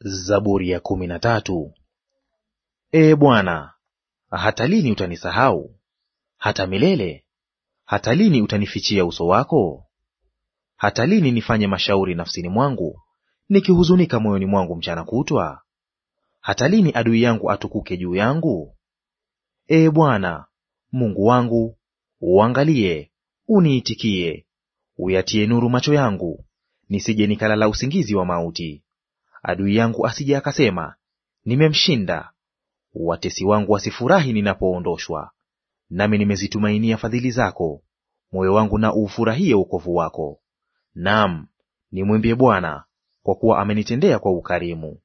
Zaburi ya kumi na tatu. Ee Bwana, hata lini utanisahau? Hata milele? Hata lini utanifichia uso wako? Hata lini nifanye mashauri nafsini mwangu, nikihuzunika moyoni mwangu mchana kutwa? Hata lini adui yangu atukuke juu yangu? Ee Bwana Mungu wangu, uangalie, uniitikie, uyatie nuru macho yangu, nisije nikalala usingizi wa mauti adui yangu asije akasema, nimemshinda. Watesi wangu wasifurahi ninapoondoshwa. Nami nimezitumainia fadhili zako, moyo wangu na uufurahie wokovu wako. Naam, nimwimbie Bwana, kwa kuwa amenitendea kwa ukarimu.